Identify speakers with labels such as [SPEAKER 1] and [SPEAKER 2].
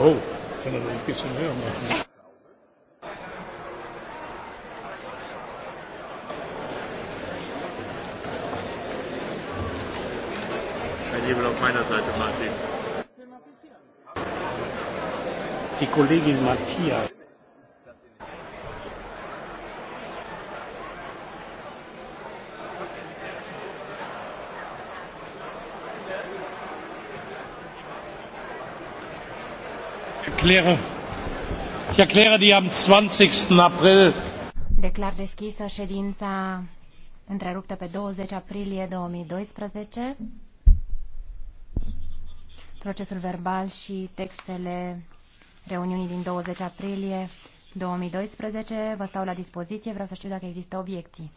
[SPEAKER 1] Oh, kann er ein bisschen höher machen. Ein Hebel auf meiner Seite, Martin. Die Kollegin Matthias. Ich erkläre die am 20. April.
[SPEAKER 2] Declar deschisă ședința întreruptă pe 20 aprilie 2012. Procesul verbal și textele reuniunii din 20 aprilie 2012 vă stau la dispoziție. Vreau să știu dacă există obiecții.